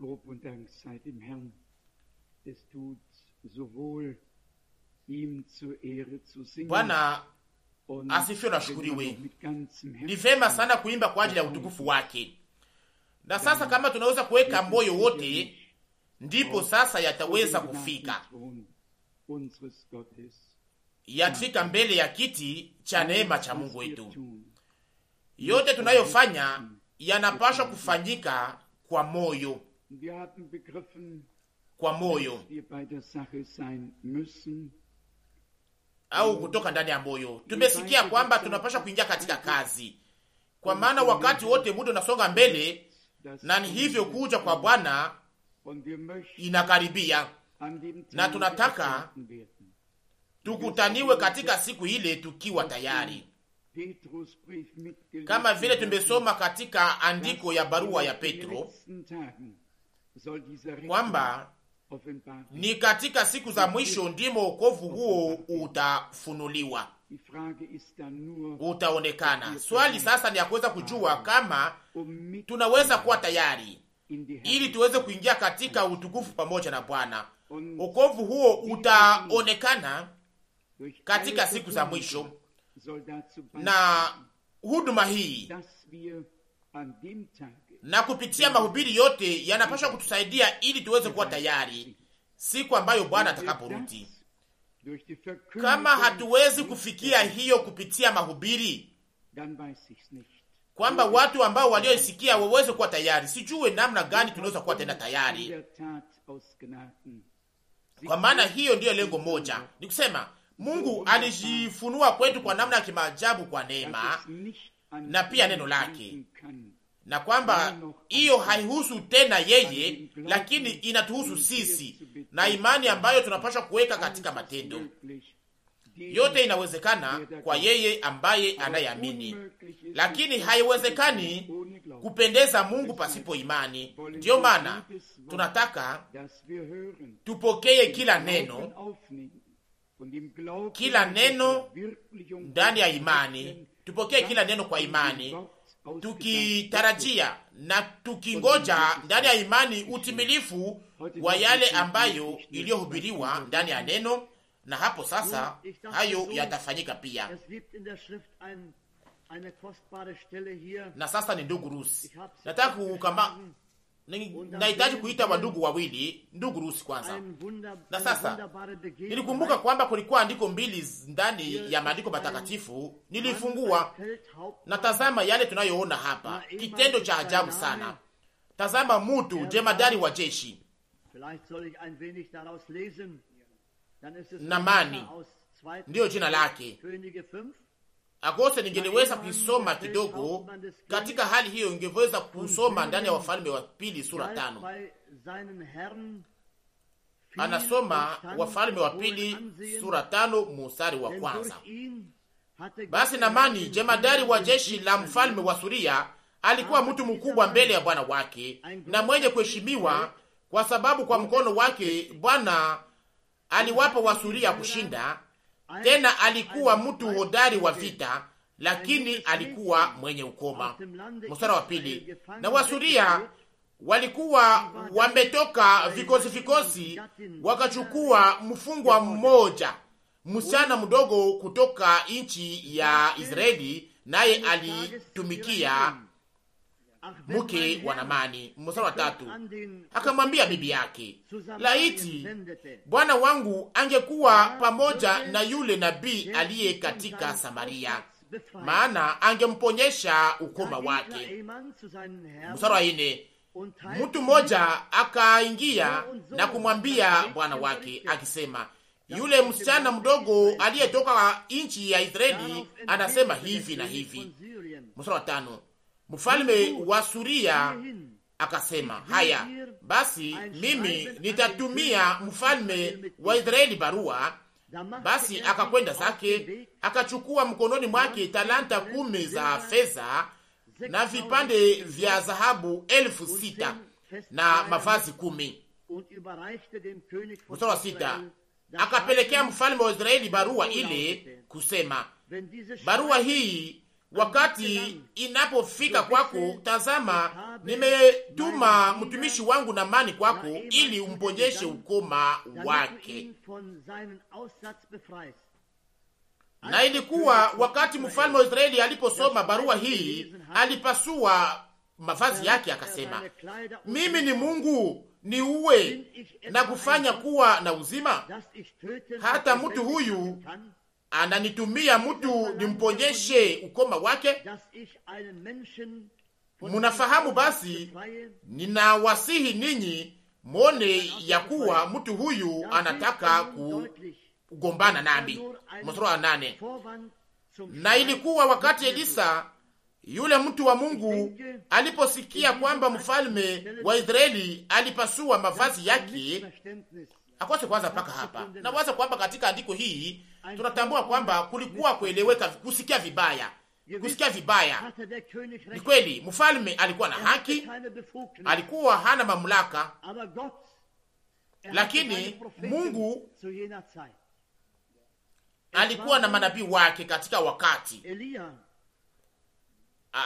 Lob und Dank sei dem Herrn. Es tut so wohl, ihm zur Ehre zu singen. Bwana asifiwe na shukuriwe. Ni vema sana kuimba kwa ajili ya utukufu wake. Na sasa kama tunaweza kuweka moyo wote, ndipo oh, sasa yataweza kufika, yatfika mbele ya kiti cha neema cha Mungu wetu. Yote tunayofanya yanapaswa kufanyika kwa moyo kwa moyo au kutoka ndani ya moyo. Tumesikia kwamba tunapasha kuingia katika kazi, kwa maana wakati wote muda unasonga mbele, na ni hivyo kuja kwa Bwana inakaribia, na tunataka tukutaniwe katika siku ile tukiwa tayari, kama vile tumesoma katika andiko ya barua ya Petro kwamba ni katika siku za mwisho ndimo wokovu huo utafunuliwa, utaonekana. Swali sasa ni ya kuweza kujua kama um tunaweza kuwa tayari ili tuweze kuingia katika utukufu pamoja na Bwana. Wokovu huo utaonekana katika siku za mwisho, na huduma hii na kupitia mahubiri yote yanapaswa kutusaidia ili tuweze kuwa tayari siku ambayo Bwana atakaporudi. Kama hatuwezi kufikia hiyo kupitia mahubiri, kwamba watu ambao walioisikia waweze kuwa tayari, sijue namna gani tunaweza kuwa tena tayari. Kwa maana hiyo ndiyo lengo moja, ni kusema Mungu alijifunua kwetu kwa namna ya kimaajabu kwa neema na pia neno lake na kwamba hiyo haihusu tena yeye, lakini inatuhusu sisi na imani ambayo tunapaswa kuweka katika matendo. Yote inawezekana kwa yeye ambaye anayeamini, lakini haiwezekani kupendeza Mungu pasipo imani. Ndiyo maana tunataka tupokee kila neno, kila neno ndani ya imani, tupokee kila neno kwa imani tukitarajia na tukingoja ndani ya imani utimilifu wa yale ambayo iliyohubiriwa ndani ya neno, na hapo sasa hayo yatafanyika pia. Na sasa ni ndugu Rusi, nataka nahitaji kuita wandugu wawili, ndugu rusi kwanza. Na sasa nilikumbuka kwamba kulikuwa andiko mbili ndani ya maandiko matakatifu, nilifungua na tazama yale tunayoona hapa, kitendo cha ajabu sana. Tazama mutu jemadari wa jeshi Namani, ndiyo jina lake Agosta ningeliweza kuisoma kidogo katika hali hiyo, ingeweza kusoma ndani ya Wafalme wa Pili sura tano. Anasoma Wafalme wa Pili sura tano mstari wa kwanza: basi Namani jemadari wa jeshi la mfalme wa Suria alikuwa mtu mkubwa mbele ya bwana wake na mwenye kuheshimiwa, kwa sababu kwa mkono wake Bwana aliwapa Wasuria kushinda tena alikuwa mtu hodari wa vita, lakini alikuwa mwenye ukoma. Mstari wa pili, na Wasuria walikuwa wametoka vikosi vikosi, wakachukua mfungwa mmoja msichana mdogo kutoka nchi ya Israeli, naye alitumikia mke wa Namani. Mstari wa tatu, akamwambia bibi yake, laiti bwana wangu angekuwa pamoja na yule nabii aliye katika Samaria, maana angemponyesha ukoma wake. Mstari wa ine, mtu mmoja akaingia na kumwambia bwana wake akisema, yule msichana mdogo aliyetoka nchi ya Israeli anasema hivi na hivi. Mstari wa tano mfalme wa Suria akasema, haya basi, mimi nitatumia mfalme wa Israeli barua. Basi akakwenda zake, akachukua mkononi mwake talanta kumi za fedha na vipande vya dhahabu elfu sita na mavazi kumi. Mstari wa sita akapelekea mfalme wa Israeli barua ile kusema, barua hii Wakati inapofika kwako, tazama, nimetuma mtumishi wangu mani kwako ili umponyeshe ukoma wake. Na ilikuwa wakati mfalme wa Israeli aliposoma barua hii, alipasua mavazi yake akasema, mimi ni Mungu ni uwe na kufanya kuwa na uzima? Hata mtu huyu ananitumia mtu nimponyeshe ukoma wake. Munafahamu basi, ninawasihi ninyi mwone ya kuwa mtu huyu anataka kugombana nami. Mstari wa nane. Na ilikuwa wakati Elisa yule mtu wa Mungu aliposikia kwamba mfalme wa Israeli alipasua mavazi yake akose kwanza mpaka hapa. Nawaza kwamba katika andiko hii tunatambua kwamba kulikuwa kueleweka, kusikia vibaya, kusikia vibaya. Ni kweli mfalme alikuwa na haki, alikuwa hana mamlaka, lakini Mungu alikuwa na manabii wake katika wakati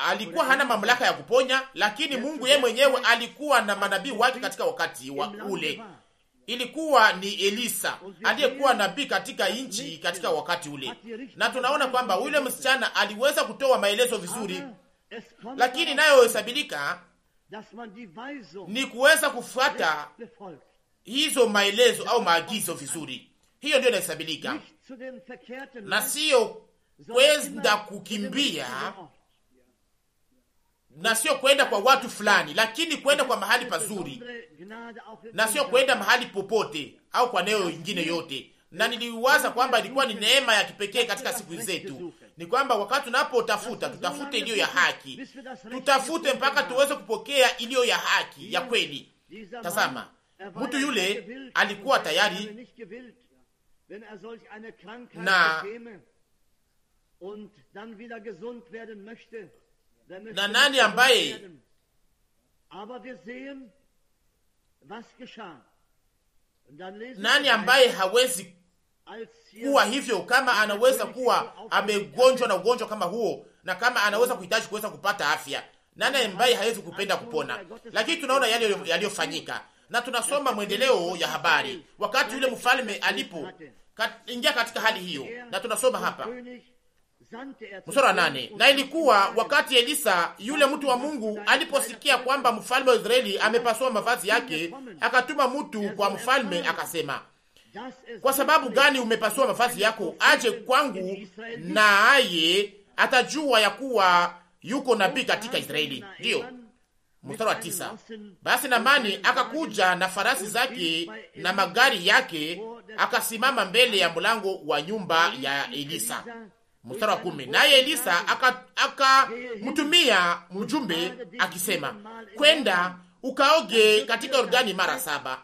alikuwa hana mamlaka ya kuponya, lakini Mungu yeye mwenyewe alikuwa na manabii wake katika wakati wa ule ilikuwa ni Elisa aliyekuwa nabii katika nchi katika wakati ule, na tunaona kwamba yule msichana aliweza kutoa maelezo vizuri, lakini inayohesabilika ni kuweza kufuata hizo maelezo au maagizo vizuri. Hiyo ndio inahesabilika na siyo kwenda kukimbia na sio kwenda kwa watu fulani, lakini kwenda kwa mahali pazuri, na sio kwenda mahali popote au kwa neo ingine yote. Na niliwaza kwamba ilikuwa ni neema ya kipekee katika siku zetu, ni kwamba wakati tunapotafuta, tutafute iliyo ya haki, tutafute mpaka tuweze kupokea iliyo ya haki ya kweli. Tazama, mtu yule alikuwa tayari na na nani ambaye nani ambaye hawezi kuwa hivyo, kama anaweza kuwa amegonjwa na ugonjwa kama huo, na kama anaweza kuhitaji kuweza kupata afya, nani ambaye hawezi kupenda kupona? Lakini tunaona yale yaliyofanyika, na tunasoma mwendeleo ya habari wakati yule mfalme alipo kat, ingia katika hali hiyo, na tunasoma hapa msura wa nane. Na ilikuwa wakati Elisa yule mtu wa Mungu aliposikia kwamba mfalme wa Israeli amepasua mavazi yake, akatuma mtu kwa mfalme akasema, kwa sababu gani umepasua mavazi yako? Aje kwangu, na aye atajua ya kuwa yuko nabii katika Israeli. Ndiyo. Mstari wa tisa. Basi namani akakuja na farasi zake na magari yake, akasimama mbele ya mlango wa nyumba ya Elisa mstari wa kumi. Naye Elisa akamtumia mjumbe akisema, kwenda ukaoge katika Yordani mara saba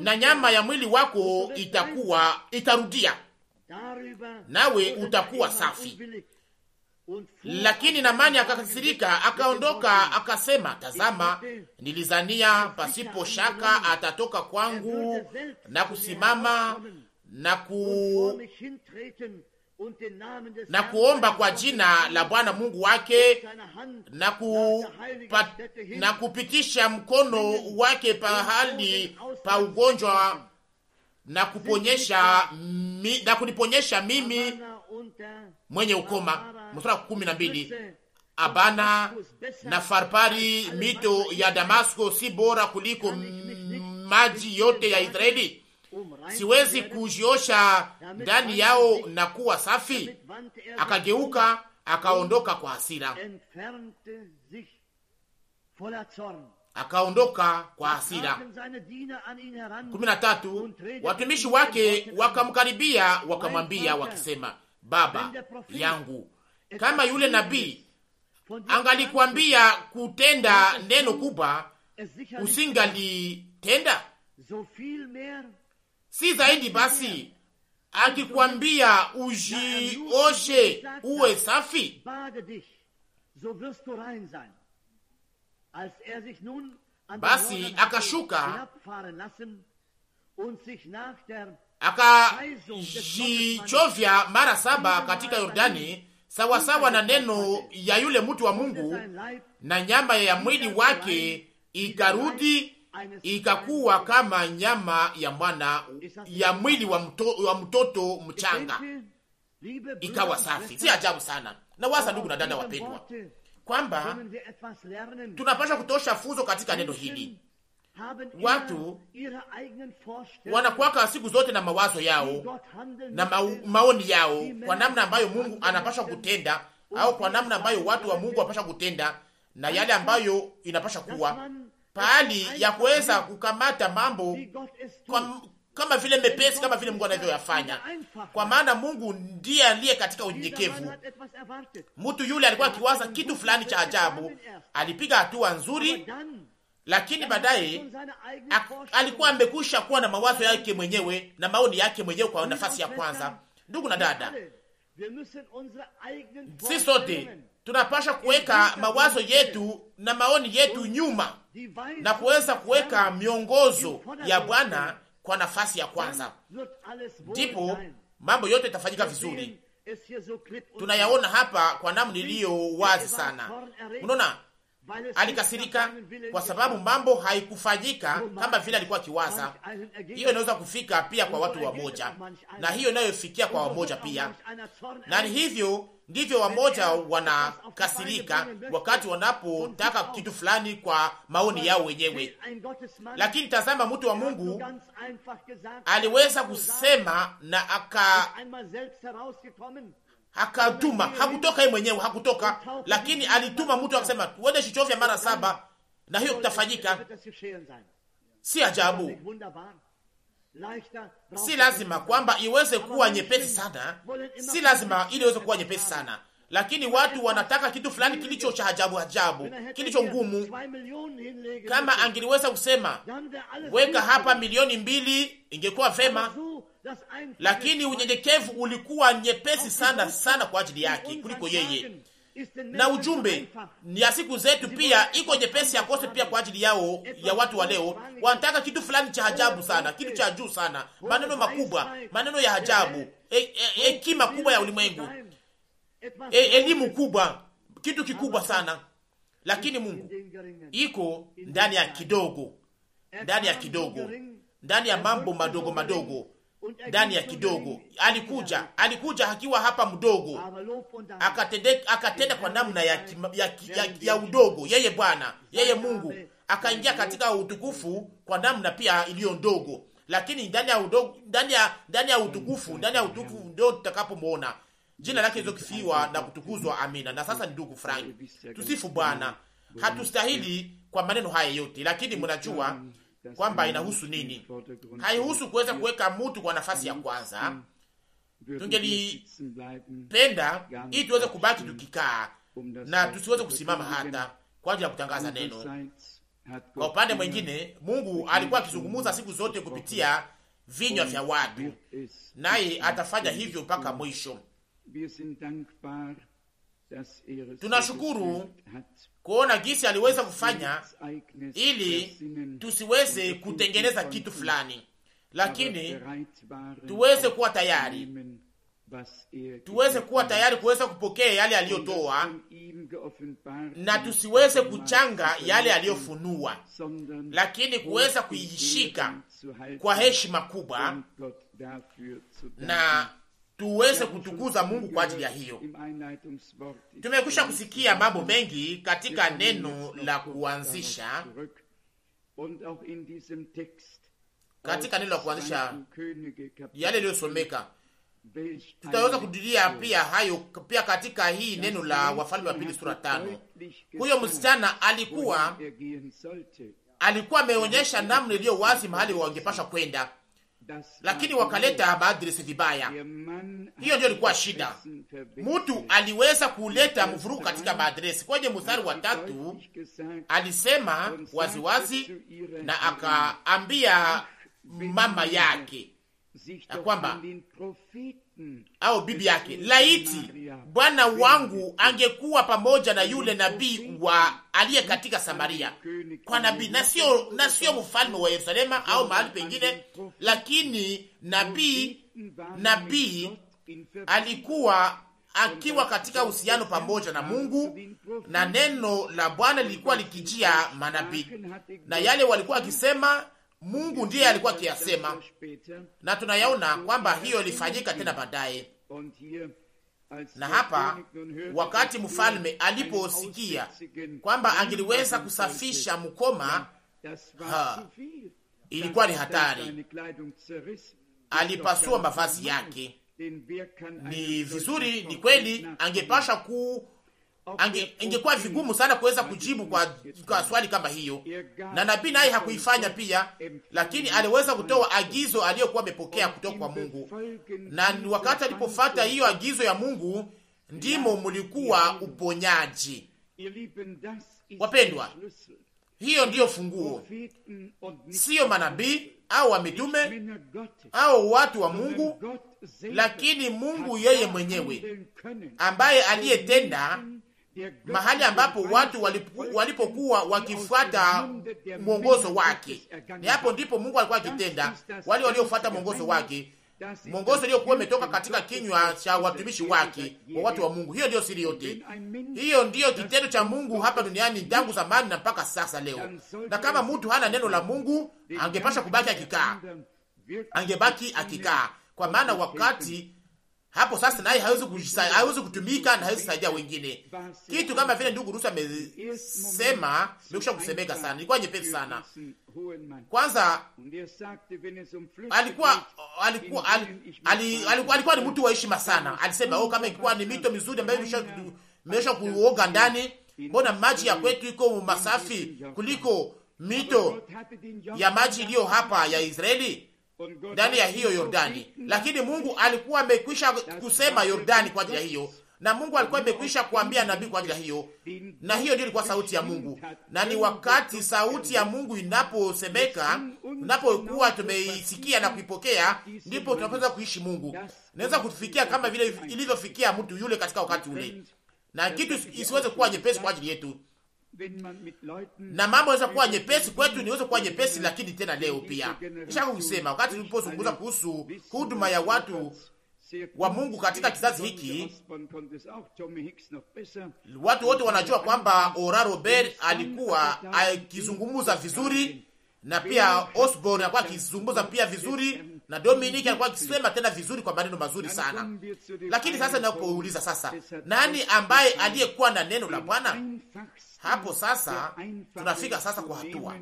na nyama ya mwili wako itakuwa itarudia, nawe utakuwa safi. Lakini Namani akakasirika, akaondoka, akasema, tazama, nilizania pasipo shaka atatoka kwangu na kusimama na ku na kuomba kwa jina la Bwana Mungu wake na, ku, pa, na kupitisha mkono wake pahali pa ugonjwa na kuponyesha mi, na kuniponyesha mimi mwenye ukoma. Mstari kumi na mbili. Abana na Farpari, mito ya Damasko si bora kuliko maji yote ya Israeli? siwezi kujiosha ndani yao na kuwa safi. Akageuka akaondoka kwa hasira, akaondoka kwa hasira. kumi na tatu. Watumishi wake wakamkaribia wakamwambia wakisema, baba yangu, kama yule nabii angalikwambia kutenda neno kubwa, usingalitenda si zaidi basi akikwambia ujioshe uwe safi basi akashuka akajichovya mara saba katika Yordani sawasawa na neno ya yule mtu wa Mungu, na nyama ya mwili wake ikarudi ikakuwa kama nyama ya mwana ya mwili wa, mto, wa mtoto mchanga ikawa safi. Si ajabu sana na wasa, ndugu na dada wapendwa, kwamba tunapasha kutosha funzo katika neno hili. Watu wanakuwaka siku zote na mawazo yao na ma maoni yao kwa namna ambayo Mungu anapasha kutenda au kwa namna ambayo watu wa Mungu wanapasha kutenda na yale ambayo inapasha kuwa pahali ya kuweza kukamata mambo kwa, kama vile mepesi kama vile Mungu anavyoyafanya, kwa maana Mungu ndiye aliye katika unyenyekevu. Mtu yule alikuwa akiwaza kitu fulani cha ajabu, alipiga hatua nzuri, lakini baadaye alikuwa amekusha kuwa na mawazo yake mwenyewe na maoni yake mwenyewe kwa nafasi ya kwanza. Ndugu na dada, si sote tunapasha kuweka mawazo yetu na maoni yetu nyuma na kuweza kuweka miongozo ya Bwana kwa nafasi ya kwanza, ndipo mambo yote itafanyika vizuri. Tunayaona hapa kwa namna iliyo wazi sana, unaona Alikasirika kwa sababu mambo haikufanyika kama vile alikuwa akiwaza. Hiyo inaweza kufika pia kwa watu wamoja, na hiyo inayofikia kwa wamoja pia, na hivyo ndivyo wamoja wanakasirika wakati wanapotaka kitu fulani kwa maoni yao wenyewe. Lakini tazama, mtu wa Mungu aliweza kusema na aka akatuma hakutoka yeye mwenyewe, hakutoka, lakini alituma mtu akasema, uende shichovya mara saba na hiyo kutafanyika. Si ajabu, si lazima kwamba iweze kuwa nyepesi sana, si lazima ili iweze kuwa nyepesi sana lakini watu wanataka kitu fulani kilicho cha ajabu ajabu, kilicho ngumu. Kama angeliweza kusema weka hapa milioni mbili, ingekuwa vema, lakini unyenyekevu ulikuwa nyepesi sana sana kwa ajili yake kuliko yeye, na ujumbe ni ya siku zetu pia iko nyepesi yakose pia kwa ajili yao ya watu wa leo. Wanataka kitu fulani cha ajabu sana, kitu cha juu sana, maneno makubwa, maneno ya ajabu, hekima e, e, kubwa ya ulimwengu e, elimu kubwa, kitu kikubwa sana, lakini Mungu iko ndani ya kidogo, ndani ya kidogo, ndani ya mambo madogo madogo ndani ya kidogo. Alikuja, alikuja akiwa hapa mdogo, akatenda kwa namna ya, ki, ya, ya, ya udogo. Yeye Bwana, yeye Mungu akaingia katika utukufu kwa namna pia iliyo ndogo, lakini ndani ya udogo, ndani ya ndani ya utukufu, ndani ya utukufu ndio tutakapomwona jina lake lizokifiwa na kutukuzwa. Amina. Na sasa, ni ndugu Frank, tusifu Bwana. Hatustahili kwa maneno haya yote, lakini mnajua kwamba inahusu nini. Haihusu kuweza kuweka mtu kwa nafasi ya kwanza. Tungelipenda ili tuweze kubaki tukikaa na tusiweze kusimama hata kwa ajili ya kutangaza neno. Kwa upande mwingine, Mungu alikuwa akizungumza siku zote kupitia vinywa vya watu, naye atafanya hivyo mpaka mwisho. Er Tunashukuru kuona gisi aliweza kufanya ili tusiweze kutengeneza kitu fulani, lakini tuweze kuwa tayari, er tuweze kuwa tayari kuweza kupokea yale aliyotoa, na tusiweze kuchanga er yale aliyofunua, lakini kuweza kuishika kwa heshima kubwa na tuweze kutukuza Mungu kwa ajili ya hiyo. Tumekwisha kusikia mambo mengi katika neno la kuanzisha, katika neno la kuanzisha yale iliyosomeka tutaweza kudilia pia hayo pia katika hii neno la Wafalme wa pili sura tano. Huyo msichana alikuwa alikuwa ameonyesha namna iliyo wazi mahali wangepasha kwenda lakini wakaleta maadresi vibaya. Hiyo ndio ilikuwa shida, mtu aliweza kuleta mvurugu katika maadresi Kwenye mstari wa tatu alisema waziwazi -wazi, na akaambia mama yake ya kwamba Mm. au bibi yake. Laiti bwana wangu angekuwa pamoja na yule nabii wa aliye katika Samaria kwa nabii na sio na sio mfalme wa Yerusalema au mahali pengine, lakini nabii nabii alikuwa akiwa katika uhusiano pamoja na Mungu na neno la Bwana lilikuwa likijia manabii na yale walikuwa akisema Mungu ndiye alikuwa akiyasema, na tunayaona kwamba hiyo ilifanyika tena baadaye. Na hapa wakati mfalme aliposikia kwamba angeliweza kusafisha mkoma ha, ilikuwa ni hatari, alipasua mavazi yake. Ni vizuri, ni kweli, angepasha ku ange- ingekuwa vigumu sana kuweza kujibu kwa, kwa swali kama hiyo, na nabii naye hakuifanya pia, lakini aliweza kutoa agizo aliyokuwa amepokea kutoka kwa Mungu, na wakati alipofata hiyo agizo ya Mungu ndimo mulikuwa uponyaji. Wapendwa, hiyo ndiyo funguo, siyo manabii au wamitume au watu wa Mungu, lakini Mungu yeye mwenyewe ambaye aliyetenda mahali ambapo watu walipokuwa wakifuata mwongozo wake, ni hapo ndipo Mungu alikuwa akitenda. Wale waliofuata mwongozo wake, mwongozo uliokuwa umetoka katika kinywa cha watumishi wake wa watu wa Mungu. Hiyo ndiyo siri yote, hiyo ndiyo kitendo cha Mungu hapa duniani tangu zamani na mpaka sasa leo. Na kama mtu hana neno la Mungu, angepasha kubaki akikaa, angebaki akikaa, kwa maana wakati hapo sasa naye hawezi hawezi kutumika na hawezi kusaidia wengine, kitu kama vile ndugu Rusi amesema. Nimekusha kusemeka sana, ilikuwa nyepesi sana. Kwanza alikuwa alikuwa alikuwa alikuwa ni mtu wa heshima sana. Alisema oh, kama ilikuwa ni mito mizuri ambayo imesha kuoga ndani, mbona maji ya kwetu iko masafi kuliko mito ya maji iliyo hapa ya Israeli? ndani ya hiyo Yordani, lakini Mungu alikuwa amekwisha kusema Yordani kwa ajili ya hiyo, na Mungu alikuwa amekwisha kuambia nabii kwa ajili ya hiyo, na hiyo ndio ilikuwa sauti ya Mungu. Na ni wakati sauti ya Mungu inaposemeka, unapokuwa tumeisikia na kuipokea, ndipo tunapoweza kuishi Mungu. Naweza kutufikia kama vile ilivyofikia mtu yule katika wakati ule, na kitu isiweze kuwa nyepesi kwa ajili yetu na mambo yaweza kuwa nyepesi kwetu, niweze kuwa nyepesi, lakini tena leo pia shaka kusema, wakati tulipozungumza kuhusu huduma ya watu wa Mungu katika kizazi hiki, watu wote wanajua kwamba Ora Robert alikuwa akizungumza vizuri na pia Osborne alikuwa akizungumza pia vizuri na Dominiki alikuwa akisema tena vizuri kwa maneno mazuri yaani sana. Lakini sasa ninapouliza sasa, nani ambaye aliyekuwa na neno la Bwana? Hapo sasa tunafika sasa kwa hatua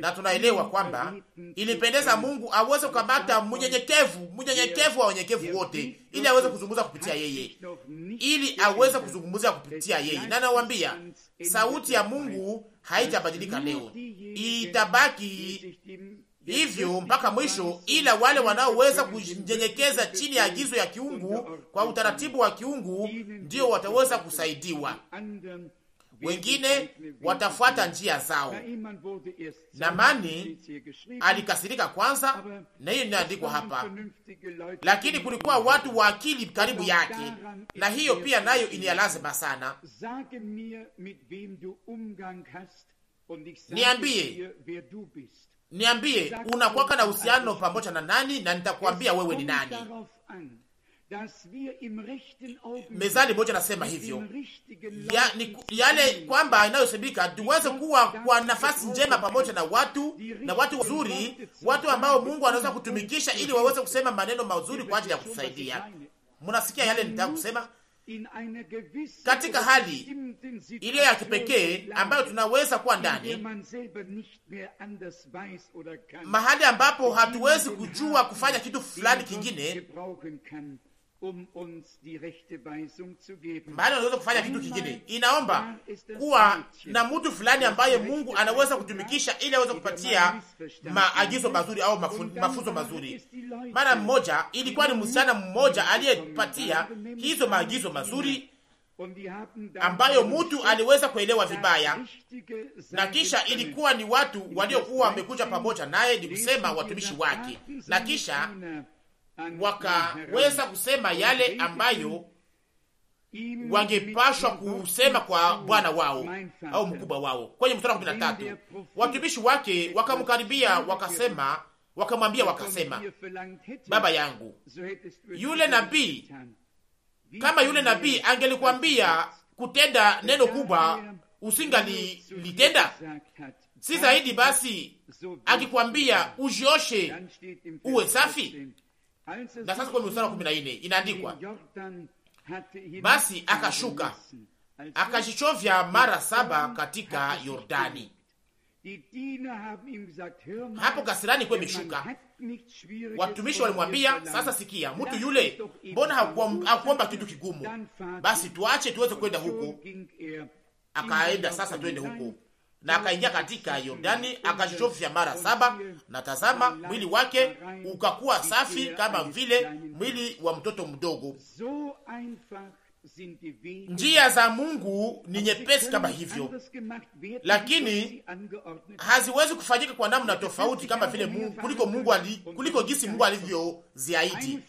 na tunaelewa kwamba ilipendeza Mungu aweze kukamata mnyenyekevu, mnyenyekevu wa wenyekevu wote, ili aweze kuzungumza kupitia yeye, ili aweze kuzungumza kupitia yeye. Na nawambia sauti ya Mungu haijabadilika leo, itabaki hivyo mpaka mwisho, ila wale wanaoweza kunyenyekeza chini ya agizo ya kiungu kwa utaratibu wa kiungu ndio wataweza kusaidiwa. Wengine watafuata njia zao. Namani alikasirika kwanza, na hiyo inaandikwa hapa, lakini kulikuwa watu wa akili karibu yake, na hiyo pia nayo ni lazima sana. Niambie niambie unakwaka na uhusiano pamoja na nani, na nitakwambia wewe ni nani. Mezali moja nasema hivyo ya, ni, yale kwamba inayosemika tuweze kuwa kwa nafasi njema pamoja na watu na watu wazuri, watu ambao Mungu anaweza kutumikisha ili waweze kusema maneno mazuri kwa ajili ya kutusaidia. Mnasikia yale nitakusema katika hali ile ya kipekee ambayo tunaweza kuwa ndani, mahali ambapo hatuwezi kujua um kufanya kitu fulani kingine, Mbali anaweza kufanya kitu kingine. Inaomba kuwa na mtu fulani ambaye Mungu anaweza kutumikisha ili aweze kupatia maagizo mazuri au mafunzo mazuri. Mara mmoja ilikuwa ni msichana mmoja aliyepatia hizo maagizo mazuri ambayo mtu aliweza kuelewa vibaya, na kisha ilikuwa ni watu waliokuwa wamekuja pamoja naye, ni kusema watumishi wake, na kisha wakaweza kusema yale ambayo wangepashwa kusema kwa bwana wao au mkubwa wao. Kwenye mstari wa kumi na tatu watumishi wake wakamkaribia, wakasema, wakamwambia, er wakasema, baba er, yangu, yule nabii kama yule nabii angelikwambia kutenda neno kubwa, usingali litenda si zaidi? Basi akikwambia ujioshe uwe safi. Na sasa kwenye mstari wa kumi na nne inaandikwa, basi akashuka akajichovya mara saba katika Yordani hapo kasirani kuwa imeshuka. Watumishi walimwambia, sasa sikia, mtu yule mbona hakuomba kitu kigumu? Basi tuache tuweze kwenda huko. Er Akaenda sasa, twende huko na akaingia katika Yordani akashofya mara saba, na tazama mwili wake ukakuwa safi er kama vile mwili wa mtoto mdogo. Njia za Mungu ni nyepesi kama hivyo, lakini haziwezi kufanyika kwa namna tofauti kama vile Mungu, kuliko Mungu ali, kuliko jinsi Mungu ziaidi.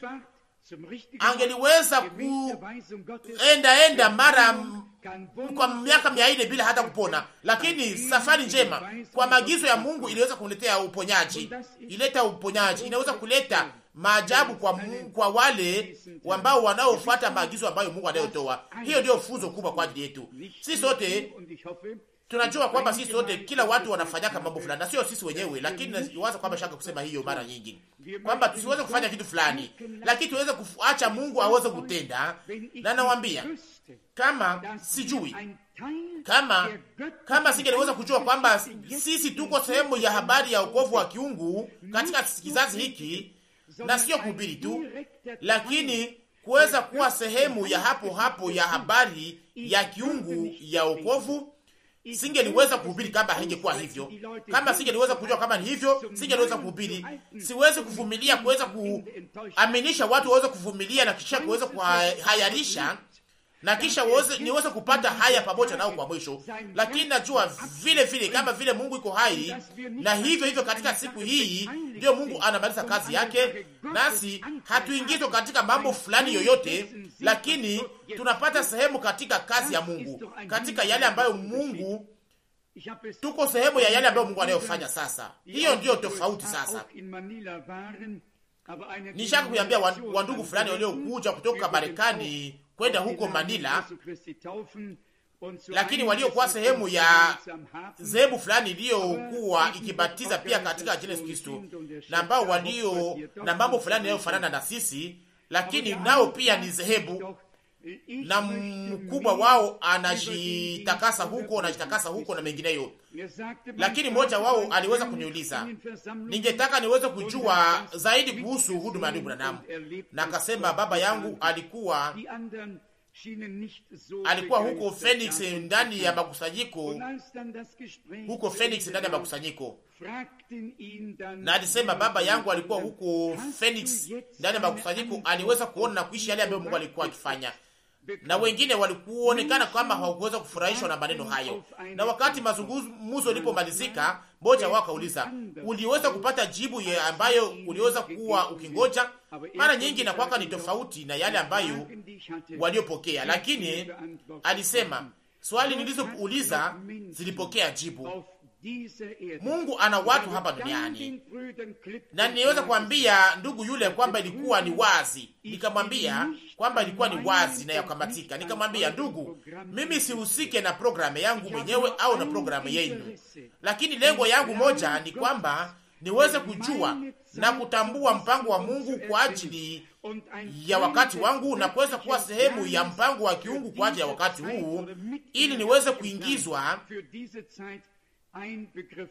Angeliweza kuenda enda mara kwa miaka mia nne bila hata kupona, lakini safari njema kwa maagizo ya Mungu iliweza kuletea uponyaji, ileta uponyaji, inaweza kuleta maajabu kwa kwa wale ambao wanaofuata maagizo ambayo Mungu anayotoa. Hiyo ndio funzo kubwa kwa ajili yetu si sote. Tunajua kwamba sisi sote kila watu wanafanyaka mambo fulani, na sio sisi wenyewe, lakini waza kwamba shaka kusema hiyo mara nyingi kwamba tusiweze kufanya kitu fulani, lakini tuweze kuacha Mungu aweze kutenda. Na nawaambia kama sijui kama kama singeliweza kujua kwamba sisi tuko sehemu ya habari ya ukovu wa kiungu katika kizazi hiki na sio kuhubiri tu, lakini kuweza kuwa sehemu ya hapo hapo ya habari ya kiungu ya wokovu. Singeliweza kuhubiri kama haingekuwa hivyo, kama singeliweza kujua kama ni hivyo, singeliweza kuhubiri. Siwezi kuvumilia kuweza kuaminisha watu waweze kuvumilia na kisha kuweza kuhayarisha na kisha niweze kupata haya pamoja nao kwa mwisho. Lakini najua vile vile kama vile Mungu iko hai, na hivyo hivyo katika siku hii ndiyo Mungu anamaliza kazi yake, nasi hatuingizwe katika mambo fulani yoyote, lakini tunapata sehemu katika kazi ya Mungu, katika yale ambayo Mungu tuko sehemu ya yale ambayo Mungu anayofanya sasa. Hiyo ndiyo tofauti sasa. Nishaka kuambia wandugu fulani waliokuja kutoka Marekani kwenda huko Manila, lakini waliokuwa sehemu ya zehebu fulani iliyokuwa ikibatiza pia katika jina Yesu Kristo, na ambao walio na mambo fulani yanayofanana na sisi, lakini nao pia ni zehebu E, e, na e, mkubwa wao anajitakasa huko anajitakasa huko na mengineyo. Lakini mmoja wao aliweza kuniuliza, ningetaka niweze kujua zaidi kuhusu huduma ya ndugu Branham, na akasema, baba yangu alikuwa alikuwa huko Phoenix ndani ya makusanyiko, huko Phoenix ndani ya makusanyiko. Na alisema baba yangu alikuwa huko Phoenix ndani ya makusanyiko, aliweza kuona na kuishi yale ambayo Mungu alikuwa akifanya na wengine walikuonekana kama hawakuweza kufurahishwa na maneno hayo. Na wakati mazungumzo ilipomalizika, mmoja wao akauliza, uliweza kupata jibu ya ambayo uliweza kuwa ukingoja? Mara nyingi nakwaka ni tofauti na yale ambayo waliopokea, lakini alisema swali nilizouliza zilipokea jibu Mungu ana watu hapa duniani, na niweza kuambia ndugu yule kwamba ilikuwa ni wazi, nikamwambia kwamba ilikuwa ni wazi na yakamatika. Nikamwambia ndugu, mimi sihusike na programu yangu mwenyewe au na programu yenu, lakini lengo yangu moja ni kwamba niweze kujua na kutambua mpango wa Mungu kwa ajili ya wakati wangu na kuweza kuwa sehemu ya mpango wa kiungu kwa ajili ya wakati huu, ili niweze kuingizwa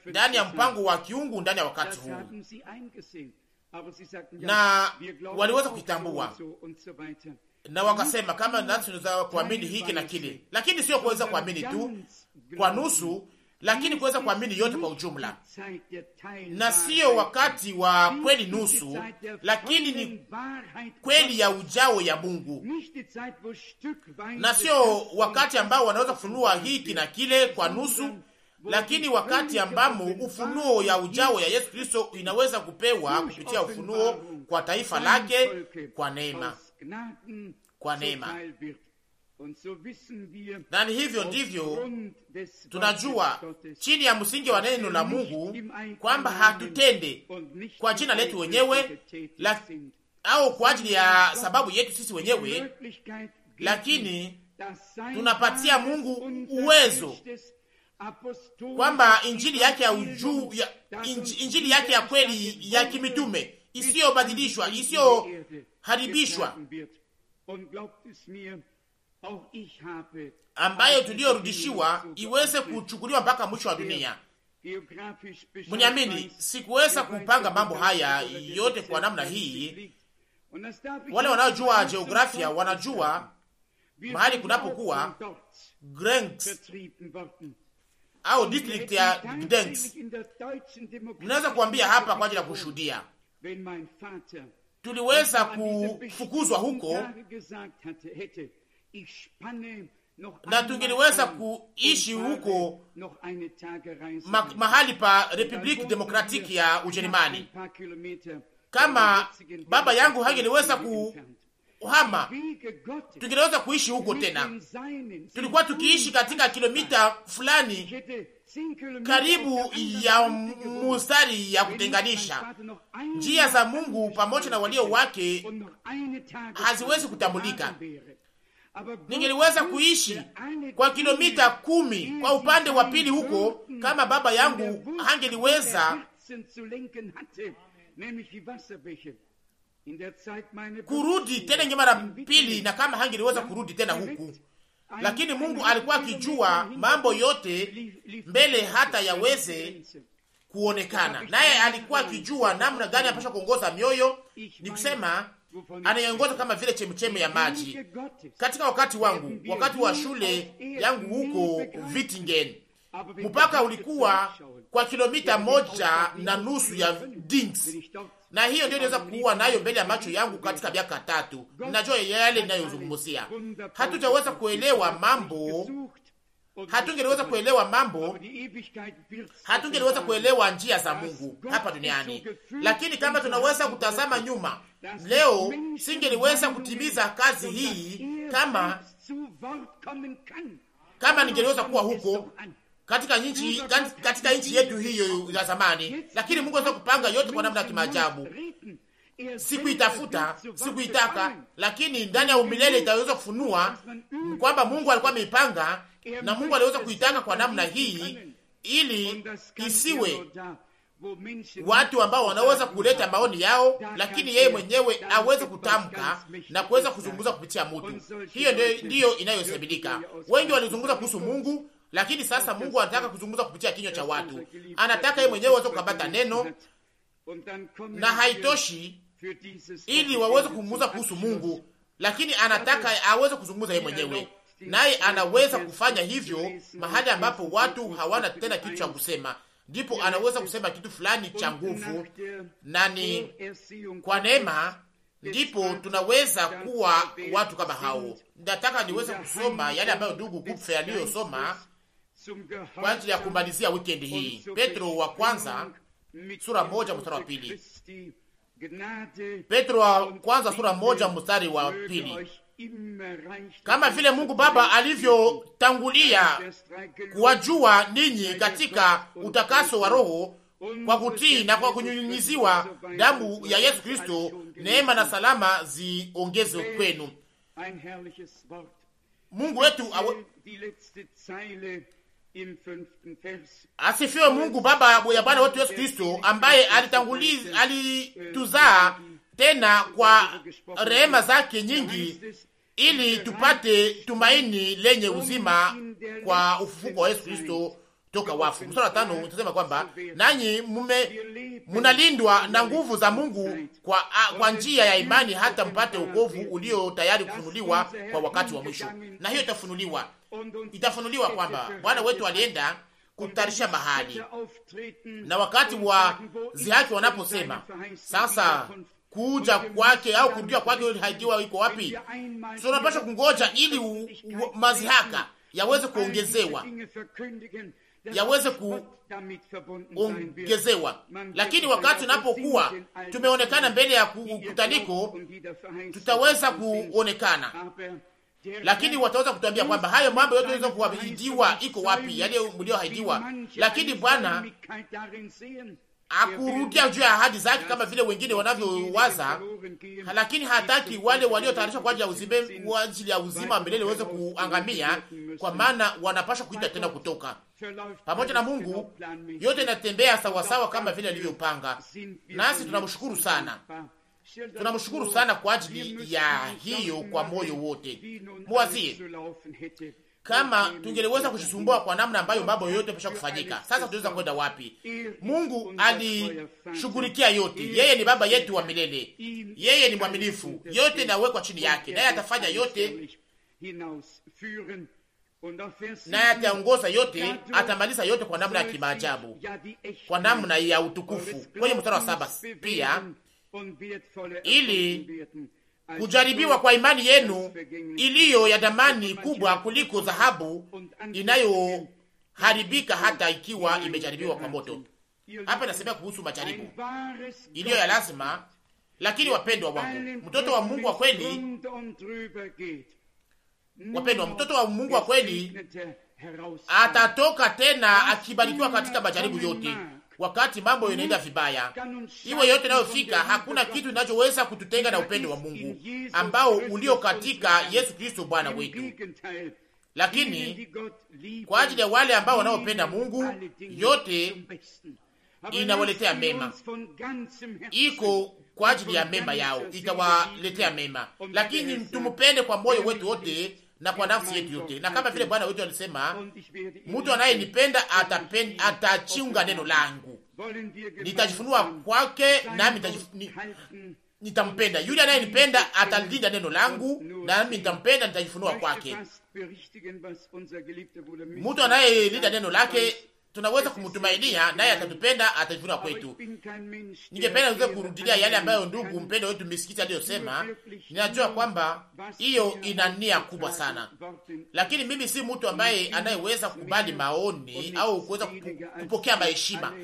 ndani ya mpango wa kiungu ndani ya wakati huu, na waliweza kuitambua na wakasema kama nasi tunaweza kuamini hiki na kile, lakini sio kuweza kuamini tu kwa nusu, lakini kuweza kuamini yote kwa ujumla, na sio wakati wa kweli nusu, lakini ni kweli ya ujao ya Mungu, na sio wakati ambao wanaweza kufunua hiki na kile kwa nusu lakini wakati ambamo ufunuo ya ujao ya Yesu Kristo inaweza kupewa kupitia ufunuo kwa taifa lake kwa neema, kwa neema. Na ni hivyo ndivyo tunajua chini ya msingi wa neno la Mungu kwamba hatutende kwa jina letu wenyewe la, au kwa ajili ya sababu yetu sisi wenyewe, lakini tunapatia Mungu uwezo kwamba injili yake ya ujuu ya, injili yake ya kweli ya kimitume isiyobadilishwa isiyoharibishwa ambayo tuliyorudishiwa iweze kuchukuliwa mpaka mwisho wa dunia. Mniamini, sikuweza kupanga mambo haya yote kwa namna hii. Wale wanaojua jeografia wanajua mahali kunapokuwa Grengs au district ya Gdensk. Ninaweza kuambia hapa kwa ajili ya kushuhudia, tuliweza kufukuzwa huko na tungeliweza kuishi huko ma, mahali pa Republiki Demokratiki ya Ujerumani kama baba yangu hangeliweza ku kuhama, tungeweza kuishi huko tena. Tulikuwa tukiishi katika kilomita fulani karibu ya mustari ya kutenganisha njia za Mungu pamoja na walio wake haziwezi kutambulika. Ningeliweza kuishi kwa kilomita kumi kwa upande wa pili huko, kama baba yangu hangeliweza kurudi tena inge mara pili, na kama hangeliweza kurudi tena huku, lakini Mungu alikuwa akijua mambo yote mbele hata yaweze kuonekana, naye alikuwa akijua namna gani apasha kuongoza mioyo, ni kusema anaiongoza kama vile chemchemi ya maji. Katika wakati wangu, wakati wa shule yangu huko Vitingen mpaka ulikuwa kwa kilomita moja na nusu ya Dinks, na hiyo ndio inaweza kuwa nayo mbele ya macho yangu katika miaka tatu. Najua yale ninayozungumzia. Hatujaweza kuelewa mambo, hatungeliweza kuelewa mambo, hatungeliweza kuelewa njia za Mungu hapa duniani, lakini kama tunaweza kutazama nyuma leo, singeliweza kutimiza kazi hii kama kama ningeliweza kuwa huko katika nchi katika nchi yetu hiyo ya zamani, lakini Mungu anaweza kupanga yote kwa namna ya kimaajabu. Sikuitafuta, sikuitaka, lakini ndani ya umilele itaweza kufunua kwamba Mungu alikuwa ameipanga na Mungu aliweza kuitanga kwa namna hii, ili isiwe watu ambao wanaweza kuleta maoni yao, lakini yeye mwenyewe aweze kutamka na kuweza kuzungumza kupitia mutu. Hiyo ndiyo, ndiyo Wengi walizungumza kuhusu Mungu lakini sasa Mungu anataka kuzungumza kupitia kinywa cha watu, anataka yeye mwenyewe waweze kukabata neno, na haitoshi ili waweze kuzungumza kuhusu Mungu, lakini anataka aweze kuzungumza yeye mwenyewe, naye anaweza kufanya hivyo mahali ambapo watu hawana tena kitu cha kusema ndipo anaweza kusema kitu fulani cha nguvu, na ni kwa neema ndipo tunaweza kuwa watu kama hao. Nataka niweze kusoma yale ambayo ndugu Kupfe aliyosoma kwa ajili ya kumalizia wikendi hii. Petro wa kwanza sura moja mstari wa pili. Petro wa kwanza sura moja mstari wa pili. Kama vile Mungu Baba alivyotangulia kuwajua ninyi katika utakaso wa Roho kwa kutii na kwa kunyunyiziwa damu ya Yesu Kristo, neema na salama ziongezwe kwenu. Mungu wetu awe Asifiwe Mungu Baba ya Bwana wetu Yesu Kristo, ambaye alitanguliza alituzaa tena kwa rehema zake nyingi, ili tupate tumaini lenye uzima kwa ufufuko wa Yesu Kristo toka wafu. Mstari wa tano utasema kwamba nanyi mume munalindwa na nguvu za Mungu kwa, ah, kwa njia ya imani hata mpate ukovu ulio tayari kufunuliwa kwa wakati wa mwisho. Na hiyo itafunuliwa, itafunuliwa kwamba Bwana wetu alienda kutarisha mahali, na wakati wa zihaki wanaposema sasa kuja kwake au kurudia kwake haikiwa iko wapi, tunapaswa kungoja ili mazihaka yaweze kuongezewa yaweze kuongezewa. Lakini wakati unapokuwa tumeonekana mbele ya kutaliko, tutaweza kuonekana lakini wataweza kutuambia kwamba hayo mambo yote yaweza kuahidiwa iko wapi, yale mlioahidiwa. Lakini Bwana akurudia juu ya ahadi zake kama vile wengine wanavyowaza, lakini hataki wale waliotayarishwa kwa ajili ya uzima wa milele waweze kuangamia, kwa maana wanapaswa kuita tena kutoka pamoja na Mungu yote inatembea sawasawa kama vile alivyopanga. Nasi tunamshukuru sana, tunamshukuru sana kwa ajili ya hiyo kwa moyo wote. Mwazie kama tungeliweza kujisumbua kwa namna ambayo mambo yote yamesha kufanyika, sasa tunaweza kwenda wapi? Mungu alishughulikia yote. Yeye ni baba yetu wa milele, yeye ni mwaminifu, yote inawekwa chini yake, naye atafanya yote naye ataongoza yote, atamaliza yote kwa namna ya kimaajabu, kwa namna ya utukufu. Kwenye mstari wa saba pia ili kujaribiwa kwa imani yenu iliyo ya damani kubwa kuliko dhahabu inayoharibika hata ikiwa imejaribiwa kwa moto. Hapa inasemea kuhusu majaribu iliyo ya lazima. Lakini wapendwa wangu, mtoto wa Mungu wa kweli Wapendwa, mtoto wa Mungu wa kweli atatoka tena akibarikiwa katika majaribu yote. Wakati mambo yanaenda vibaya, iwe yote inayofika, hakuna kitu kinachoweza kututenga na upendo wa Mungu ambao ulio katika Yesu Kristo Bwana wetu. Lakini kwa ajili ya wale ambao wanaopenda Mungu, yote inawaletea mema, iko kwa ajili ya mema yao, itawaletea mema. Lakini tumupende kwa moyo wetu wote na kwa nafsi yetu yote, na kama vile Bwana wetu alisema, mtu anayenipenda atapenda atachunga neno langu, nitajifunua kwake, nami nitampenda. Yule anayenipenda atalinda neno langu, nami nitampenda, nitajifunua kwake. Mtu anayelinda neno lake tunaweza kumtumainia naye atatupenda, atajivuna kwetu. Ningependa niweze kurudilia yale ambayo ndugu mpendo wetu misikiti aliyosema. Ninajua kwamba hiyo ina nia kubwa sana, lakini mimi si mtu ambaye anayeweza kukubali maoni au kuweza kupokea maheshima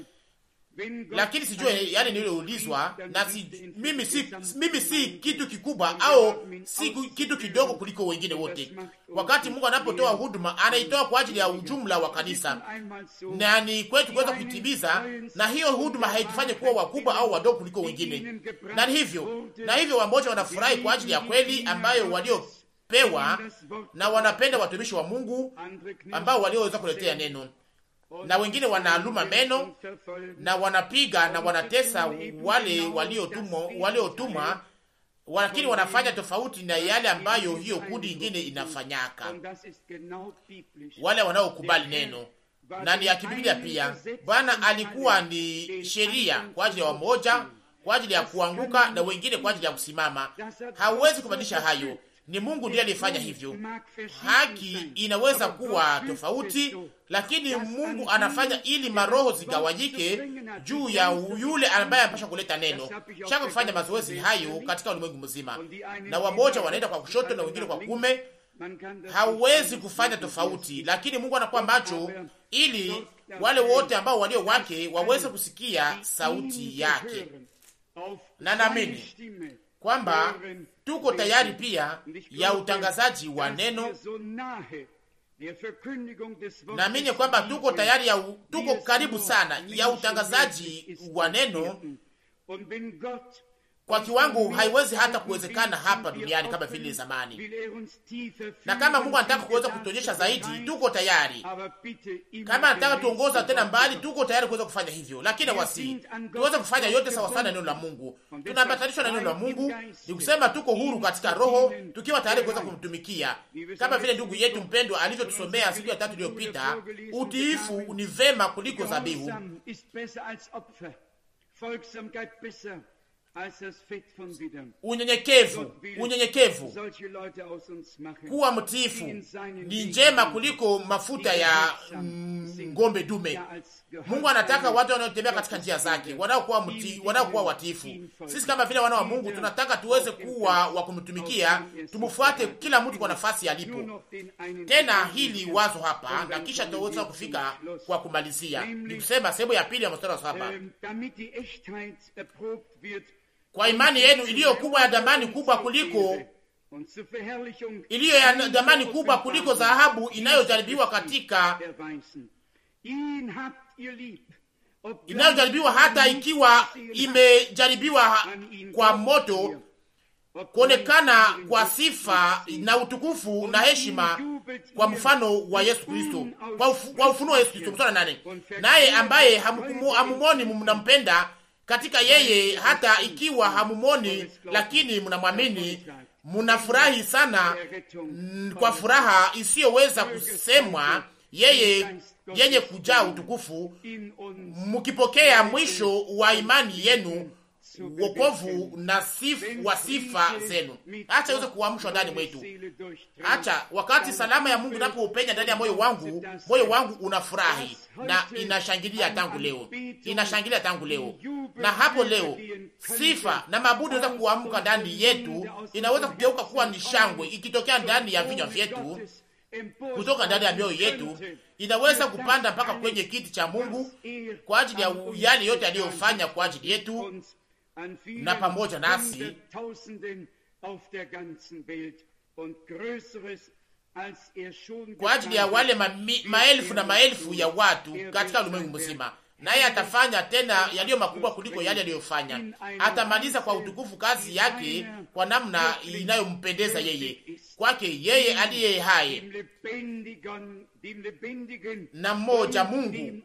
lakini sijue yale niliyoulizwa na si, mimi, si, mimi si kitu kikubwa au si kitu kidogo kuliko wengine wote. Wakati Mungu anapotoa huduma anaitoa kwa ajili ya ujumla wa kanisa, na ni kwetu kuweza kutimiza, na hiyo huduma haitufanye kuwa wakubwa au wadogo kuliko wengine, na hivyo na hivyo wamoja wanafurahi kwa ajili ya kweli ambayo waliopewa, na wanapenda watumishi wa Mungu ambao walioweza kuletea neno na wengine wanaaluma meno na wanapiga na wanatesa wale waliotumwa waliotumwa, lakini wanafanya tofauti na yale ambayo hiyo kundi ingine inafanyaka, wale wanaokubali neno na ni ya kibiblia pia. Bwana alikuwa ni sheria kwa ajili ya wamoja, kwa ajili ya kuanguka na wengine kwa ajili ya kusimama. Hauwezi kubadilisha hayo. Ni Mungu ndiye alifanya hivyo. Haki inaweza kuwa tofauti, lakini Mungu anafanya ili maroho zigawanyike juu ya yule ambaye anapasha kuleta neno. Shaka kufanya mazoezi hayo katika ulimwengu mzima, na wamoja wanaenda kwa kushoto na wengine kwa kume. hauwezi kufanya tofauti, lakini Mungu anakuwa macho ili wale wote ambao walio wake waweze kusikia sauti yake, na naamini kwamba tuko tayari pia ya utangazaji wa neno. Naamini kwamba tuko tayari ya u, tuko karibu sana ya utangazaji wa neno kwa kiwango haiwezi hata kuwezekana hapa duniani kama vile zamani. Na kama Mungu anataka kuweza kutuonyesha zaidi, tuko tayari. Kama anataka tuongoza tena mbali, tuko tayari kuweza kufanya hivyo, lakini wasi tuweze kufanya yote sawa sana neno la Mungu. Tunaambatanishwa na neno la Mungu, ni kusema tuko huru katika roho, tukiwa tayari kuweza kumtumikia kama vile ndugu yetu mpendwa alivyotusomea siku ya tatu iliyopita. Utiifu ni vema kuliko dhabihu Unyenyekevu, unyenyekevu, kuwa mtiifu ni njema kuliko mafuta ya mm, ng'ombe dume. Mungu anataka er watu wanaotembea katika njia zake, wanaokuwa wanaokuwa watiifu. Sisi kama vile wana wa Mungu tunataka tuweze kuwa wa kumtumikia, tumufuate kila mtu kwa nafasi alipo. Tena hili wazo hapa, na kisha tutaweza kufika kwa kumalizia, ni kusema sehemu ya pili ya mstari wa saba ähm, kwa imani yenu iliyo kubwa ya dhamani kubwa kuliko iliyo ya dhamani kubwa kuliko dhahabu inayojaribiwa katika inayojaribiwa hata ikiwa imejaribiwa kwa moto, kuonekana kwa sifa na utukufu na heshima kwa mfano wa Yesu Kristo, kwa ufunuo wa Yesu Kristo. Naye ambaye hamumoni mnampenda katika yeye, hata ikiwa hamumoni, lakini mnamwamini, mnafurahi sana kwa furaha isiyoweza kusemwa, yeye yenye kujaa utukufu, mkipokea mwisho wa imani yenu wokovu na sifu wa sifa zenu. Acha iweze kuamshwa ndani mwetu. Acha wakati salama ya Mungu inapopenya ndani ya moyo wangu, moyo wangu unafurahi na inashangilia tangu leo, inashangilia tangu leo. Na hapo leo sifa na mabudu inaweza kuamka ndani yetu, inaweza kugeuka kuwa ni shangwe ikitokea ndani ya vinywa vyetu, kutoka ndani ya mioyo yetu, inaweza kupanda mpaka kwenye kiti cha Mungu kwa ajili ya yale yote aliyofanya kwa ajili yetu na pamoja nasi er kwa ajili ya wale ma maelfu er na maelfu ya watu katika ulimwengu mzima, naye atafanya tena yaliyo makubwa kuliko yale aliyofanya. Atamaliza kwa utukufu kazi yake kwa namna inayompendeza yeye, kwake yeye aliye hai na mmoja Mungu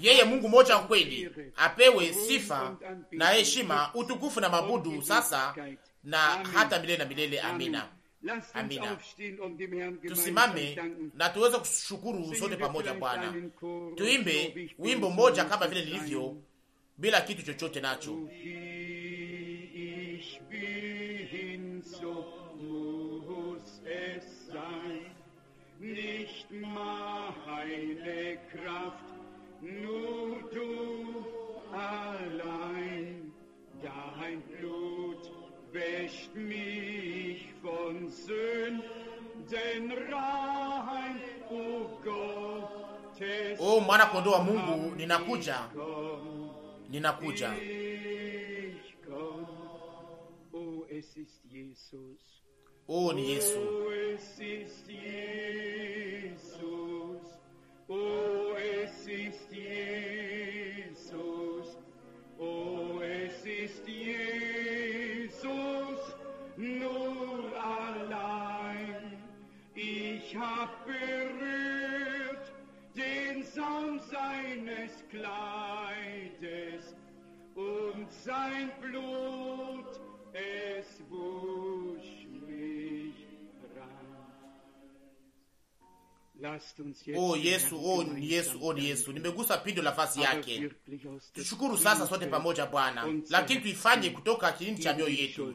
yeye Mungu mmoja kweli apewe sifa na heshima, utukufu na mabudu sasa na hata milele na milele. Amina, amina. Tusimame na tuweze kushukuru sote pamoja. Bwana, tuimbe wimbo mmoja kama vile lilivyo, bila kitu chochote nacho Bwana kondoo wa Mungu, ninakuja, ninakuja. Oh, oh, ni Yesu. Oh, oh Yesu, oh Yesu, oh Yesu, nimegusa pindo la fasi yake. Tushukuru sasa sote pamoja Bwana, lakini tuifanye kutoka kilindi cha mioyo yetu.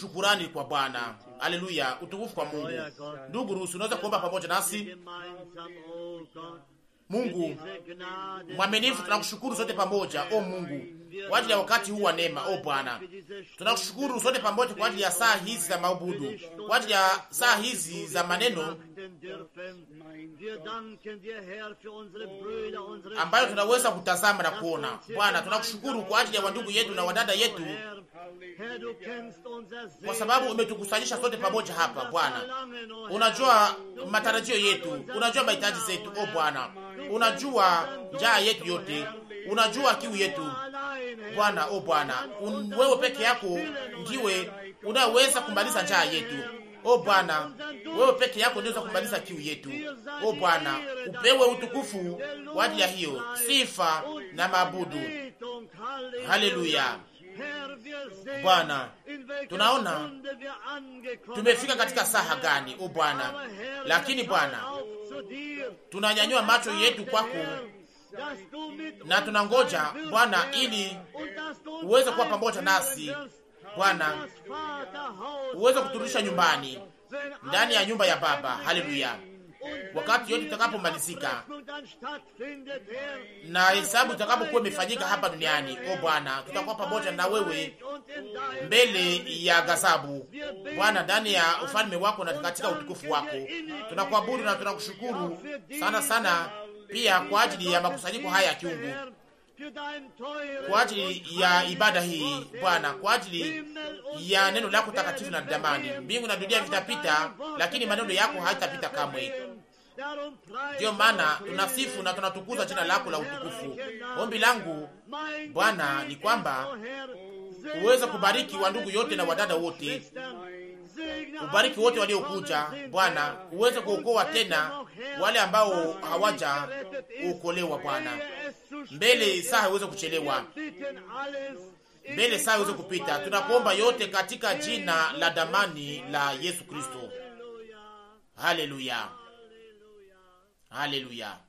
Shukurani kwa Bwana, haleluya, utukufu kwa Mungu. Ndugu Rusu, unaweza kuomba pamoja nasi? Mungu mwaminifu, tunakushukuru sote pamoja, o Mungu, kwa ajili ya wakati huu wa neema. O Bwana, tunakushukuru sote pamoja kwa ajili ya saa hizi za maubudu, kwa ajili ya saa hizi za maneno ambayo tunaweza kutazama na kuona. Bwana, tunakushukuru kwa ajili ya wandugu yetu na wadada yetu, kwa sababu umetukusanyisha sote pamoja hapa. Bwana, unajua matarajio yetu, unajua mahitaji zetu. O Bwana, unajua njaa yetu yote, unajua kiu yetu Bwana. Oh o oh Bwana, wewe peke yako ndiwe unaweza kumaliza njaa yetu. O oh Bwana, wewe peke yako ndiweza kumaliza kiu yetu. O oh Bwana, upewe utukufu kwa ajili ya hiyo sifa na mabudu. Haleluya. Bwana, tunaona tumefika katika saha gani, o oh Bwana, lakini Bwana tunanyanyua macho yetu kwako na tunangoja Bwana ili uweze kuwa pamoja nasi Bwana, uweze kuturudisha nyumbani, ndani ya nyumba ya Baba. Haleluya wakati yote itakapomalizika na hesabu itakapokuwa imefanyika hapa duniani. O Bwana, tutakuwa pamoja na wewe mbele ya ghadhabu. Bwana, ndani ya ufalme wako na katika utukufu wako tunakuabudu na tunakushukuru sana sana, pia kwa ajili ya makusanyiko haya ya kiungu, kwa ajili ya ibada hii Bwana, kwa ajili ya neno lako takatifu na damani. Mbingu na dunia vitapita, lakini maneno yako haitapita kamwe. Ndiyo maana tunasifu na tunatukuza jina lako la utukufu. Ombi langu Bwana ni kwamba uweze kubariki wandugu yote na wadada wote, ubariki wote waliokuja Bwana, uweze kuokoa tena wale ambao hawaja uokolewa Bwana, mbele saa uweze kuchelewa mbele saa iweze kupita. Tunakuomba yote katika jina la damani la Yesu Kristo. Haleluya. Haleluya.